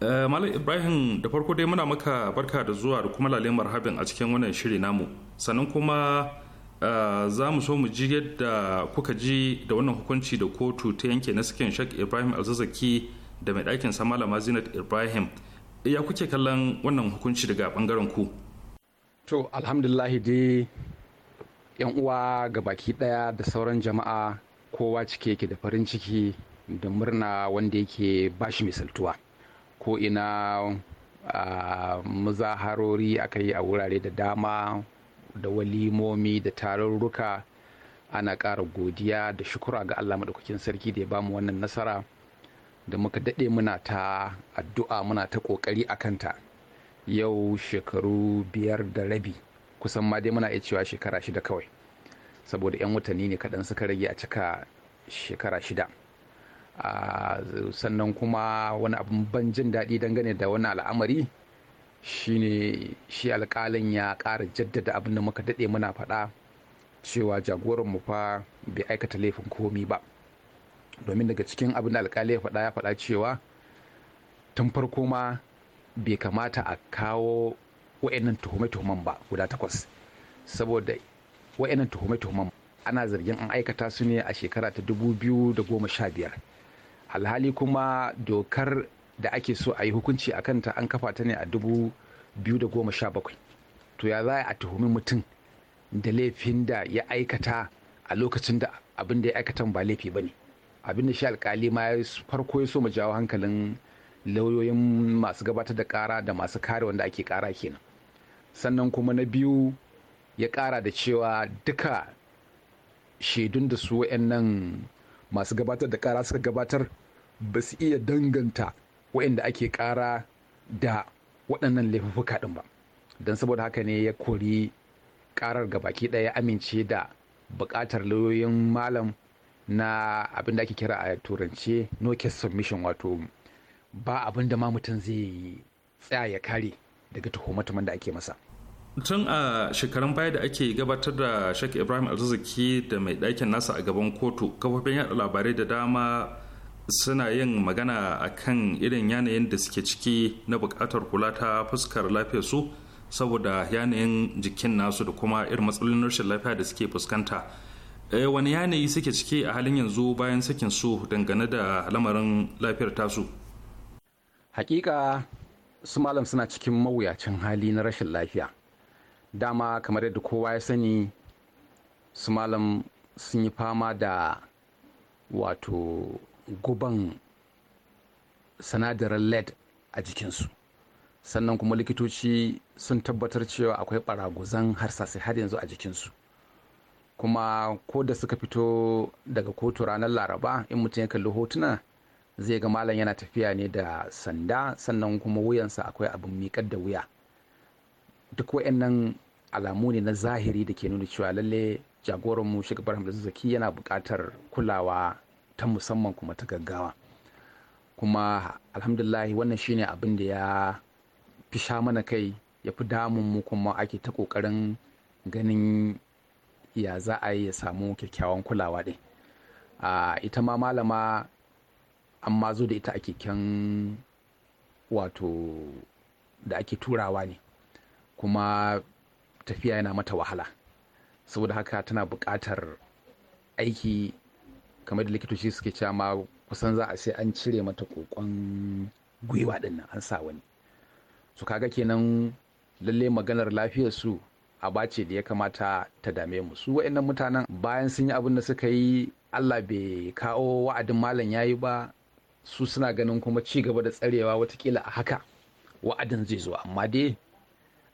Eh, Malam Ibrahim da farko dai muna maka barka da zuwa da kuma lalle marhabin a cikin wannan shiri namu. Sannan kuma eh, za mu so mu ji yadda kuka ji da wannan hukunci da kotu ta yanke na sakin Sheikh Ibrahim Alzazaki da mai ɗakin sa Malama Zinat Ibrahim. Ya kuke kallon wannan hukunci daga bangaren ku? To alhamdulillahi dai yan uwa ga baki ɗaya da sauran jama'a kowa cike yake da farin ciki da murna wanda yake bashi misaltuwa ko ina a muzaharori aka yi a wurare da dama da walimomi da tarurruka ana ƙara godiya da shukura ga allah maɗaukakin sarki da ya bamu wannan nasara da muka daɗe muna ta addu'a muna ta ƙoƙari a kanta yau shekaru biyar da rabi kusan ma dai muna iya cewa shekara shida kawai saboda 'yan watanni ne kaɗan suka rage a cika shekara shida sannan kuma wani abin ban jin daɗi dangane da wani al'amari shine shi alƙalin ya ƙara jaddada abin da muka daɗe muna faɗa cewa jagoran mu fa bai aikata laifin komi ba domin daga cikin abin da alƙali ya faɗa ya faɗa cewa tun farko ma bai kamata a kawo wa'annan tuhume-tuhumen ba guda takwas saboda wa'annan tuhume-tuhumen ana zargin an aikata su ne a shekara ta 2015 alhali kuma dokar da ake so a yi hukunci a kanta an kafa ta ne a 2017 to ya za a tuhumi mutum da laifin da ya aikata a lokacin da abin da ya aikatan ba laifi ba ne abin da shi alkali ma farko ya so mu jawo hankalin lauyoyin masu gabatar da kara da masu kare wanda ake kara kenan sannan kuma na biyu ya kara da cewa duka shaidun da su nan masu gabatar da kara suka gabatar ba su iya danganta wa'anda ake kara da waɗannan laifuka ɗin ba don saboda haka ne ya kori ƙarar gabaki ɗaya amince da buƙatar lauyoyin malam na abin da ake kira a turance no case submission wato ba abin da ma mutum zai tsaya ya kare daga tuhume da ake masa tun a shekarun baya da ake gabatar da shek ibrahim arziki da mai ɗakin nasa a gaban kotu kafofin yaɗa labarai da dama suna yin magana a kan irin yanayin da suke ciki na buƙatar kula ta fuskar lafiyar su saboda yanayin jikin nasu da kuma irin matsalolin rashin lafiya da suke fuskanta eh, wani yanayi suke ciki a halin yanzu bayan sakin su dangane da lamarin lafiyar tasu hakika su malam suna cikin mawuyacin hali na rashin lafiya dama kamar yadda kowa ya sani su malam sun yi fama da wato guban sinadarin led a jikinsu sannan kuma likitoci sun tabbatar cewa akwai ɓaraguzan harsasai har yanzu a jikinsu kuma ko da suka fito daga kotu ranar laraba in mutum ya kalli hotuna zai ga malam yana tafiya ne da sanda sannan kuma wuyansa akwai abin miƙar da wuya duk wayannan alamu ne na zahiri da ke nuna cewa lalle jagoranmu shugabar hamdazin zaki yana buƙatar kulawa ta musamman kuma ta gaggawa kuma alhamdulahi wannan shine abin da ya fi sha mana kai ya fi damun mu kuma ake ta ƙoƙarin ganin ya za a yi ya samu kyakkyawan kulawa ɗin ita ma malama an ma zo da ita a keken wato da ake turawa ne kuma tafiya yana mata wahala saboda haka tana buƙatar aiki kamar da likitoci suke cewa ma kusan za a sai an cire mata kokon gwiwa dinnan an sa wani su kaga kenan lalle maganar lafiyar su a ce da ya kamata ta dame mu su wa'annan mutanen bayan sun yi abin da suka yi Allah bai kawo wa'adin malam ya yi ba su suna ganin kuma ci gaba da tsarewa watakila a haka wa'adin zai zo amma dai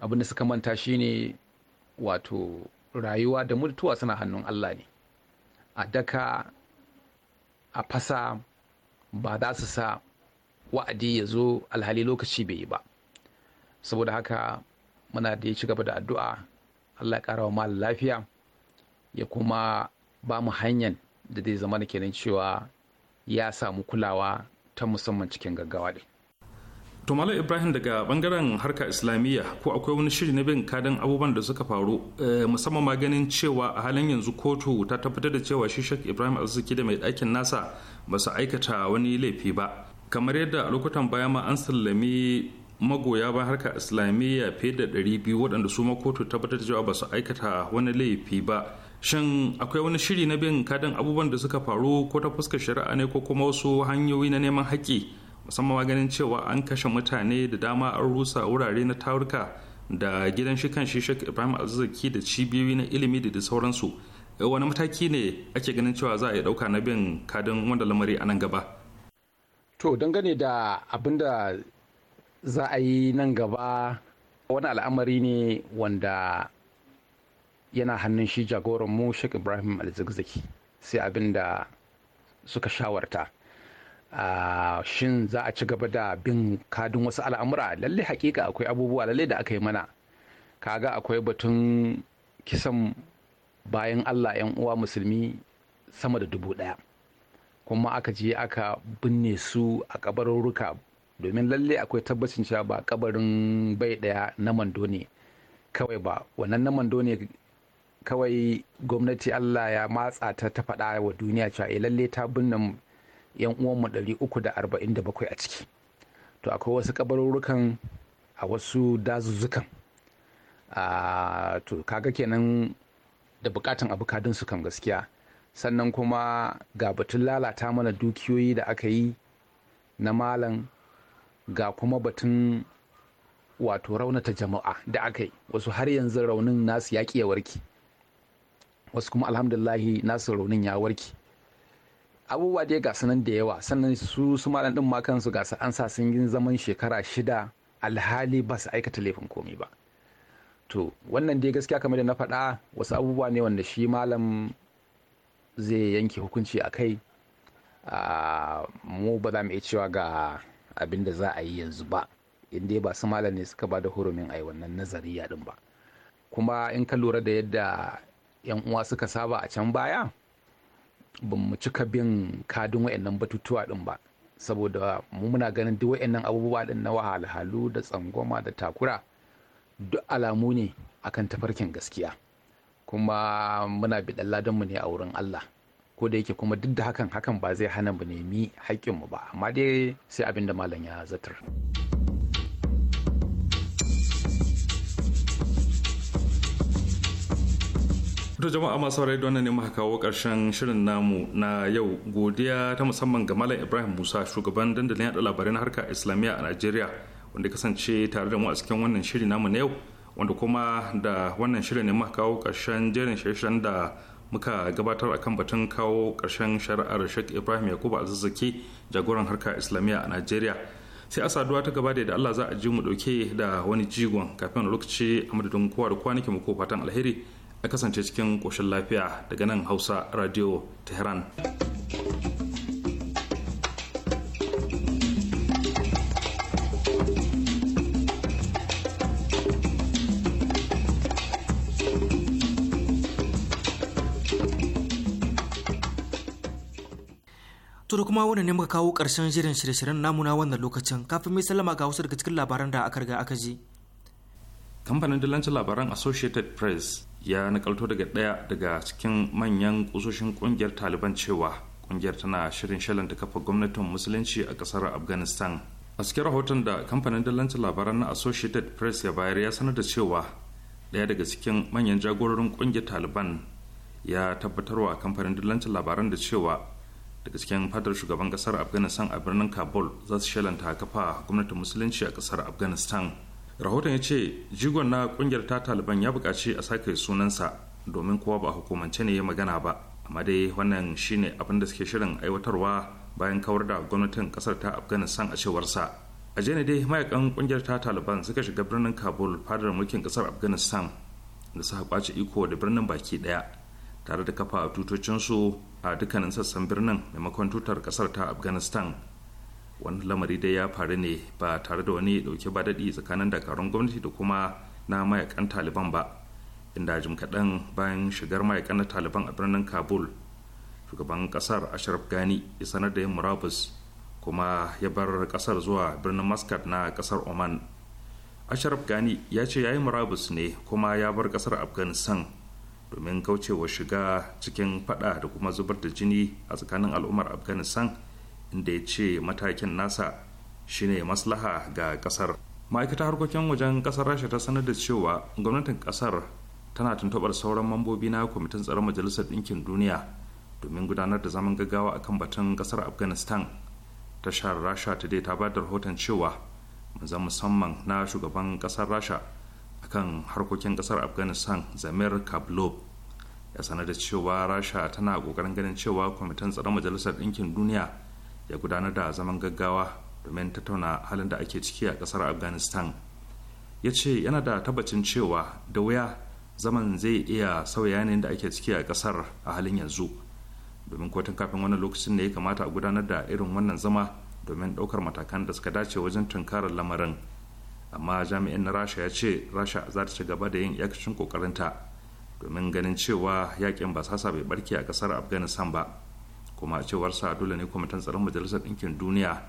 abin da suka manta shine wato rayuwa da mutuwa suna hannun Allah ne a daka a fasa ba za su sa wa'adi ya zo alhali lokaci bai yi ba saboda haka muna da ya ci gaba da addu'a Allah ya karawa mal lafiya ya kuma ba mu hanyar da zai zama da kenan cewa ya samu kulawa ta musamman cikin gaggawa din to malam ibrahim daga bangaren harka islamiyya ko akwai wani shiri na bin kadan abubuwan da suka faru eh, musamman ma ganin cewa a halin yanzu kotu ta tabbatar da cewa shi shek ibrahim arziki da mai ɗakin nasa ba su aikata wani laifi ba kamar yadda a lokutan baya ma an sallami magoya ba harka islamiyya fiye da ɗari biyu waɗanda su ma kotu tabbatar da cewa ba su aikata wani laifi ba shin akwai wani shiri na bin kadan abubuwan da suka faru ko ta fuska shari'a ne ko kuma wasu hanyoyi na neman haƙƙi musamman ganin cewa an kashe mutane da dama an rusa wurare na taruka da gidan shi kan shishak ibrahim arziki da cibiyoyi na ilimi da sauransu eh, wani mataki ne ake ganin cewa za a yi dauka na bin kadin wanda lamari a nan gaba to dangane da abin da za a yi nan gaba wani al'amari ne wanda yana hannun shi jagoran mu shek ibrahim alzikzaki sai abin da suka shawarta shin za a ci gaba da bin kadin wasu al'amura lalle hakika akwai abubuwa lalle da aka yi mana kaga akwai batun kisan bayan allah yan uwa musulmi sama da dubu daya kuma aka je aka binne su a kabarurruka domin lalle akwai tabbacin cewa ba kabarin bai daya na mando ne kawai ba wannan na mando ne kawai gwamnati allah ya matsa ta ta faɗa wa duniya cewa eh, lalle ta binne yan uwanmu bakwai a ciki to akwai wasu kabarurrukan a wasu dazuzzukan a to kaga kenan da bukatan abu kadin su kan gaskiya sannan kuma ga batun lalata mana dukiyoyi da aka yi na malam ga kuma batun wato raunata jama'a da aka yi wasu har yanzu raunin nasu yaƙi ya warke wasu kuma alhamdulahi nasu raunin ya warke abubuwa dai ga sanan da yawa sannan su su malam din ma kansu ga an sa sun yi zaman shekara shida alhali ba su aikata laifin komi ba to wannan dai gaskiya kamar da na faɗa wasu abubuwa ne wanda shi malam zai yanke hukunci a kai mu ba za mu iya cewa ga abin da za a yi yanzu ba in dai ba su malam ne suka ba da hurumin a wannan nazariya din ba kuma in ka lura da yadda 'yan uwa suka saba a can baya ba mu cika bin kadin wayannan batutuwa din ba saboda mu muna ganin duk wayannan abubuwa din na wahalhalu da tsangoma da takura duk alamu ne akan tafarkin gaskiya kuma muna biɗan mu ne a wurin Allah ko da yake kuma duk da hakan hakan ba zai hana mu nemi mu ba amma dai sai abinda da malam ya zatar. To jama'a masu saurari da wannan ne muka kawo ƙarshen shirin namu na yau godiya ta musamman ga Malam Ibrahim Musa shugaban dandalin yada labarai na harkar Islamiyya a Najeriya wanda kasance tare da mu a cikin wannan shiri namu na yau wanda kuma da wannan shirin ne muka kawo ƙarshen jerin shirin da muka gabatar akan batun kawo ƙarshen shari'ar Sheikh Ibrahim Yakubu Azizzaki jagoran harkar Islamiyya a Najeriya. sai a saduwa ta gaba da Allah za a ji mu dauke da wani jigon kafin lokaci a madadin kowa da kwanaki mu ko fatan alheri a kasance cikin koshin lafiya daga nan hausa radio tehran To da kuma wannan ne muka kawo ƙarshen shirin shirye-shiryen namuna wannan lokacin kafin mai sallama ga wasu daga cikin labaran da aka riga aka ji. Kamfanin dillancin labaran Associated Press ya nakalto daga ɗaya daga cikin manyan kusoshin ƙungiyar taliban cewa ƙungiyar tana shirin shalanta kafa gwamnatin musulunci a ƙasar afghanistan a cikin rahoton da kamfanin dillancin labaran na associated press ya bayar ya sanar da cewa ɗaya daga cikin manyan jagororin ƙungiyar taliban ya tabbatarwa kamfanin dillancin labaran da cewa daga cikin fadar shugaban ƙasar afghanistan a birnin kabul za su shalanta kafa gwamnatin musulunci a ƙasar afghanistan rahoton ya ce jigon na kungiyar ta taliban ya bukaci a sake sunansa domin kowa ba a hukumance ne ya magana ba amma dai wannan shine abin da suke shirin aiwatarwa bayan kawar da gwamnatin kasar ta afghanistan a sa a jene dai mayakan kungiyar ta taliban suka shiga birnin kabul fadar mulkin kasar afghanistan da suka kwace iko da birnin baki daya tare da kafa tutocinsu a dukkanin sassan birnin maimakon tutar kasar ta afghanistan wani lamari dai ya faru ne ba tare da wani dauke ba daɗi tsakanin dakarun gwamnati da kuma na mayakan taliban ba inda jim kaɗan bayan shigar mayakan na taliban a birnin kabul shugaban ƙasar ashraf gani ya sanar da yin murabus kuma ya bar ƙasar zuwa birnin muscat na ƙasar oman ashraf gani ya ce ya yi murabus ne kuma ya bar ƙasar afghanistan domin kaucewa shiga cikin fada da kuma zubar da jini a tsakanin al'ummar afghanistan da ya ce matakin nasa shine maslaha ga kasar ma'aikatar harkokin wajen kasar rasha ta sanar da cewa gwamnatin kasar tana tuntubar sauran mambobi na kwamitin tsaron majalisar ɗinkin duniya domin gudanar da zaman gaggawa akan batun kasar afghanistan tashar rasha ta dai ta ba da rahoton cewa manzan musamman na shugaban kasar rasha akan harkokin kasar afghanistan zamir kablov ya sanar da cewa rasha tana kokarin ganin cewa kwamitin tsaron majalisar ɗinkin duniya ya gudanar da zaman gaggawa domin tattauna halin da ake ciki a kasar afghanistan ya ce yana da tabbacin cewa da wuya zaman zai iya sauya yanayin da ake ciki a kasar a halin yanzu domin kotun kafin wannan lokacin ne ya kamata a gudanar da irin wannan zama domin ɗaukar matakan da suka dace wajen tunkarar lamarin amma jami'in na rasha ya ce rasha za ta ci gaba da yin yakacin kokarinta domin ganin cewa yakin basasa bai barke a kasar afghanistan ba kuma a cewar sa dole ne kwamitin tsaron majalisar ɗinkin duniya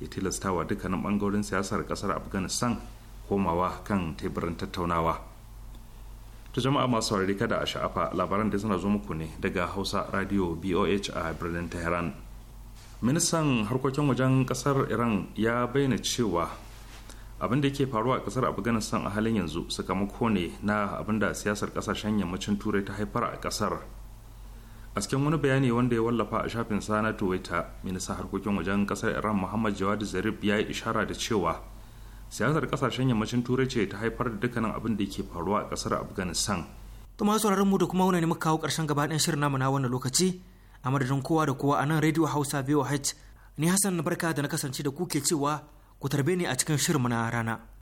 ya tilastawa dukkanin ɓangarorin siyasar ƙasar afghanistan komawa kan teburin tattaunawa ta jama'a masu saurari kada a sha'afa labaran da suna zo muku ne daga hausa radio boh a birnin tehran ministan harkokin wajen kasar iran ya bayyana cewa abin da ke faruwa a kasar afghanistan a halin yanzu sakamako ne na abin da siyasar kasashen yammacin turai ta haifar a kasar a cikin wani bayani wanda ya wallafa a shafin sa na twitter minista harkokin wajen kasar iran muhammad jawad zarif ya yi ishara da cewa siyasar kasashen yammacin turai ce ta haifar da dukkanin abin da ke faruwa a kasar afghanistan to masu sauraron mu da kuma wani ne muka kawo karshen gaba ɗayan shirin namu na wannan lokaci a madadin kowa da kowa a nan radio hausa voh ni hassan barka da na kasance da ku ke cewa ku tarbe ni a cikin shirin na rana